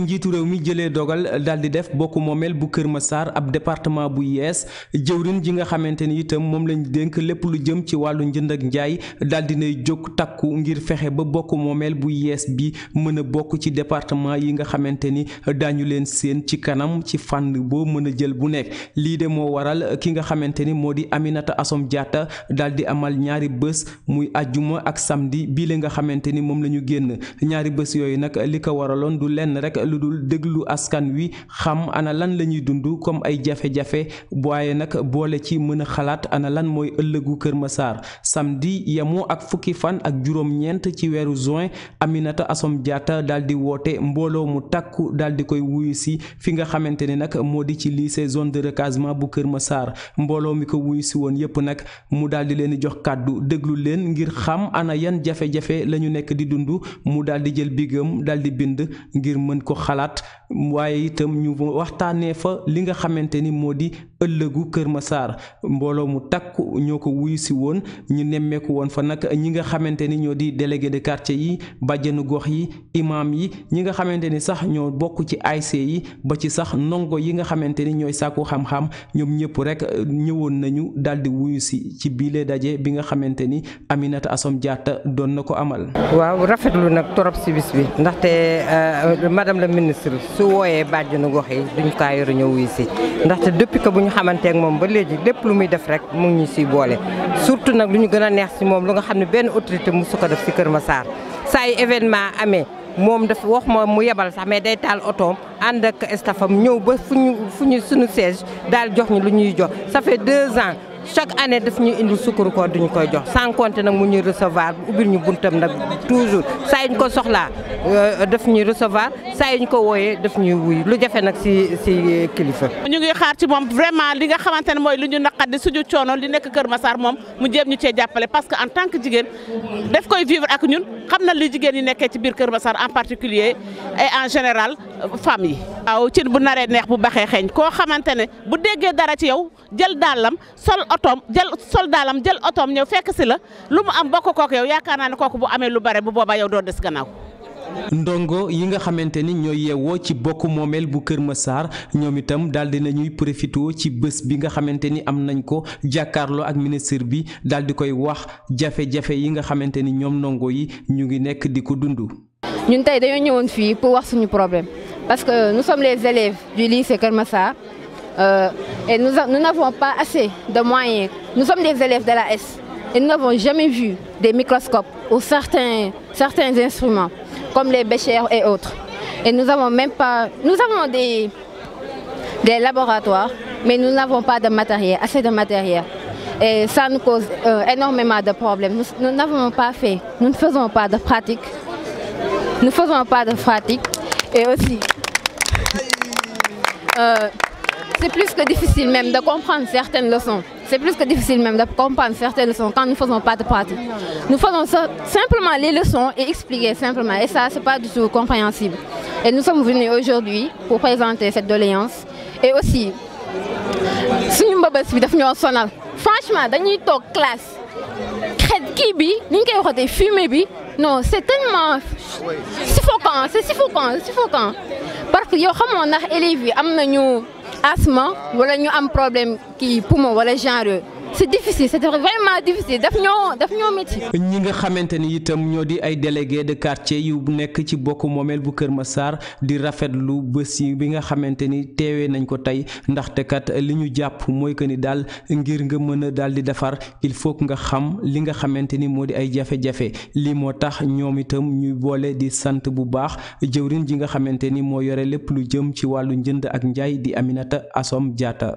bi njiitu réew mi jëlee dogal daal di def bokk moomeel bu Kër ma saar ab département bu yees jëwrin ji nga xamante ni itam moom lañ dénk lépp lu jëm ci wàllu njënd ak njaay daal di nay jóg takku ngir fexe ba bokk moomeel buy yees bi mën a bokk ci département yi nga xamante ni daañu leen seen ci kanam ci fànn boo mën a jël bu nekk lii de moo waral ki nga xamante ni moo di Aminata Assome Diatta daal di amal ñaari bés muy ajjuma ak samedi bii la nga xamante ni génn lu dul déglu askan wi xam ana lan la ñuy dund comme ay jafe-jafe waaye nag boole ci mën a xalaat ana lan mooy ëllëgu Kër Massar samedi yemoo ak fukki fan ak juróom-ñeent ci weeru juin Aminata asome Diatta daal di woote mbooloo mu takku daal di koy wuyu si fi nga xamante ne nag moo di ci lycée zone de recasement bu Kër Massar mbooloo mi ko wuyu si woon yépp nag mu daal di leen jox kàddu déglu leen ngir xam ana yan jafe-jafe la ñu nekk di dund mu daal di jël bigam daal di bind xalaat waaye itam ñu waxtaanee fa li nga xamante ni moo di ëllëgu Kër saar mbooloo mu takk ñoo ko wuyu si woon ñu nemmeeku woon fa nag ñi nga xamante ni ñoo di délégué de quartier yi bàjjenu gox yi imaam yi ñi nga xamante ni sax ñoo bokk ci ASC yi ba ci sax ndongo yi nga xamante ni ñooy sàkku xam-xam ñoom ñëpp rek ñëwoon nañu daal di wuyu si ci biile daje bi nga xamante ni Aminata Assome Diatta doon na ko amal. waaw rafetlu nag torop si bi ndaxte euh, madame la ministre su wooyee bàjjenu gox yi duñ kaa yor ñëw wuyu ñu xamanteek moom ba léegi lépp lu muy def rek mu ngi ñu siy boole surtout nag lu ñu gën a neex si moom lu nga xam ne benn autorité mu su ko def si Kër ma Massar saa yu événement amee moom dafa wax ma mu yebal sax mais day taal otoom ànd ak stafam ñëw ba fu ñu fu ñu suñu siège daal jox ñu lu ñuy jox ça fait ans chaque année daf ñu indil sukkaru koor duñu koy jox sans compter nag mu ñuy recevoir ubbil ñu buntam nag toujours saa yuñ ko soxlaa euh, daf ñuy recevoir saa yuñ ko wooyee daf ñuy wuy lu jafe nag si si kilifa. ñu ngi xaar ci moom vraiment li nga xamante ne mooy lu ñu naqari suñu coono li nekk Kër Massar moom mu jéem ñu cee jàppale parce que en tant que jigéen daf koy vivre ak ñun xam na li jigéen yi nekkee ci biir Kër Massar en particulier et en général femmes yi. waaw bu naree neex bu baxee xeeñ koo xamante ne bu déggee dara ci yow jël dàllam otoom jël soldaalam jël otoom ñëw fekk si la lu mu am bokk kook yow yaakaar naa ne kooku bu amee lu bare bu booba yow doo des gannaaw. ndongo yi nga xamante ni ñooy yeewoo ci bokk moomeel bu Kër Massar ñoom itam daal di nañuy profité ci bés bi nga xamante ni am nañ ko jàkkaarloo ak ministre bi daal di koy wax jafe-jafe yi nga xamante ni ñoom ndongo yi ñu ngi nekk di ko dund. ñun tey dañoo ñëwoon fii pour wax suñu problème parce que nous sommes les Euh, et nous n'avons pas assez de moyens. Nous sommes des élèves de la S et nous n'avons jamais vu des microscopes ou certains, certains instruments comme les béchers et autres. Et nous avons même pas, nous avons des, des laboratoires, mais nous n'avons pas de matériel, assez de matériel. Et ça nous cause euh, énormément de problèmes. Nous n'avons pas fait, nous ne faisons pas de pratique. Nous ne faisons pas de pratique. Et aussi, euh, c'est plus que difficile même de comprendre certaines leçons. C'est plus que difficile même de comprendre certaines leçons quand nous ne faisons pas de pratique. Nous faisons simplement les leçons et expliquer simplement. Et ça, ce n'est pas du tout compréhensible. Et nous sommes venus aujourd'hui pour présenter cette doléance. Et aussi, franchement dans notre classe xet bi non c'est tellement suffocant c'est suffocant suffocant parce que yow xamoon ndax élèves nous asthme wala ñu am problème kii poumon wala genre yooyu c' est difficile c' est vraiment daf ñoo daf ñi nga xamante ni itam ñoo di ay délégué de quartier yu nekk ci bokk moomeel bu Kër Massar di rafetlu bés yi bi nga xamante ni teewe nañ ko tey ndaxte kat li ñu jàpp mooy que ni daal ngir nga mën a daal di defar il faut nga xam li nga xamante ni moo di ay jafe-jafe lii moo tax ñoom itam ñuy boole di sant bu baax jëwriñ ji nga xamante ni moo yore lépp lu jëm ci wàllu njënd ak njaay di Aminata asom Diatta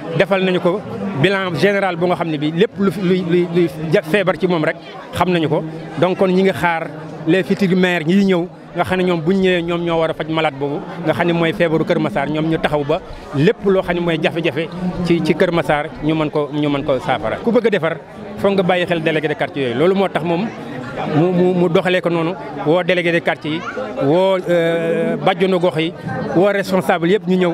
defal nañu ko bilan général boo nga xam ne bi lépp lu luy luy luy feebar ci moom rek xam nañu ko donc kon ñi ngi xaar les futurs maires ñi ñëw nga xam ne ñoom buñ ñëwee ñoom ñoo war a faj malaat boobu nga xam ne mooy feebaru Kër Massar ñoom ñu taxaw ba lépp loo xam ne mooy jafe-jafe ci ci Kër Massar ñu mën ko ñu mën ko saafara ku bëgg a defar foog nga bàyyi xel délégué de quartier yooyu loolu moo tax moom mu mu doxalee ko noonu woo délégué de quartier yi woo euh, bàjjonu gox yi woo responsable yëpp ñu ñëw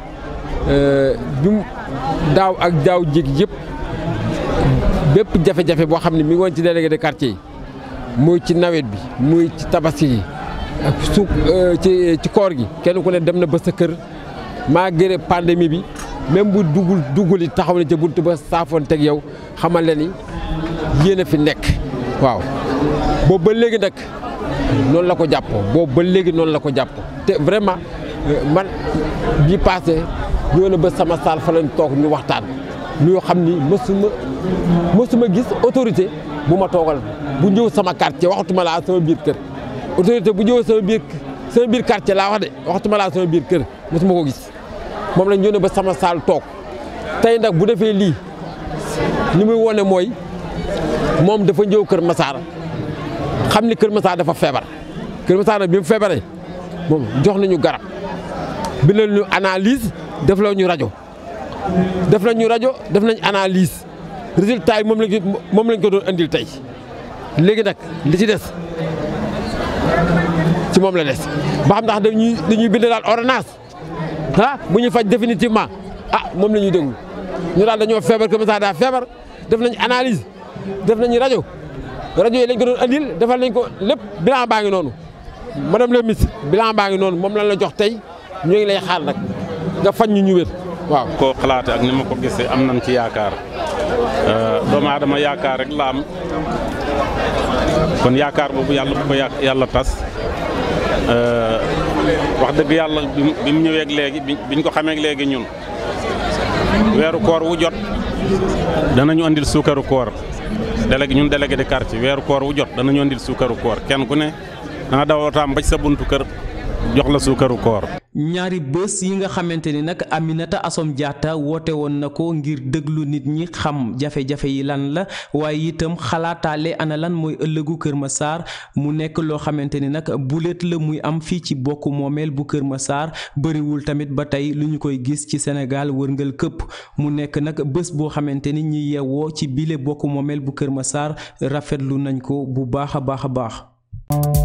bi mu daaw ak daaw jéeg yëpp bépp jafe-jafe boo xam ne mi ngi woon ci délégué de quartier yi muy ci nawet bi muy ci tabaski yi ak su euh, ci ci koor gi kenn ku ne dem na ba sa kër malgré pandemi bi même bu duggul duggul it taxaw na ca bunt ba saafoon teg yow xamal la ni yéen a fi nekk waaw boobu ba léegi nag noonu la ko jàppoo boobu ba léegi noonu la ko jàppoo te vraiment euh, man bi passé يوم بس ما صار فلان توك نوختان نيو خمني مسلم مسلم جيس أوتوريتي بوما توغل بنيو سما كارتي وقت ما لعب سما بيركر أوتوريتي بنيو سما بيرك سما بير كارتي لعبه وقت ما لعب سما بيركر مسلم جيس مملن يوم بس ما صار توك تاين دك بده في لي نمي وانا موي مام دفن جو كر مسار خمني كر مسار دفع فبر كر مسار بيم فبره مم جهنم يقرب بنا نو analyses def la rajo def nañ ñu rajo def nañ analyse résultat yi moom lañ ko moom lañ ko doon indil tey léegi nag li ci des ci moom la des ba xam ndax dañuy dañuy bind daal ordonnance ah bu ñu faj définitivement a ah, moom la ñuy déglu ñu daal dañoo feebar Keur Massar feebar def nañ analise def nañu rajo rajo yi lañ ko doon andil defal nañ ko lépp bilan baa ngi noonu madame le ministre bilan baa ngi noonu moom lañ la jox tey ñu ngi lay xaar nag. nga faj ñu ñu wér waaw. koo xalaate ak ni ma ko gisee am nañ ci yaakaar euh, doomu aadama yaakaar rek la kon yaakaar boobu yàlla bu ko yàlla tas euh, wax dëgg yàlla bi mu ñëwee ak bi biñ ko xamee ak léegi ñun weeru koor wu jot danañu andil suukaru koor délégué ñun délégué de quartier weeru koor wu jot danañu andil suukaru koor kenn ku ne danga daw taam sa buntu kër jox la suukaru koor ñaari bés yi nga xamante ni nag Aminata Assome Diatta woote woon na ko ngir déglu nit ñi xam jafe-jafe yi lan la waaye itam xalaataale ana lan mooy ëllëgu Kër ma Massar mu nekk loo xamante ni nag bulet la muy am fii ci bokk moomeel bu Kër ma Massar bëriwul tamit ba tey lu ñu koy gis ci Sénégal wërngal këpp mu nekk nag bés boo xamante ni ñi yeewoo ci bile bokk moomeel bu Kër ma Massar rafetlu nañ ko bu baax a baax a baax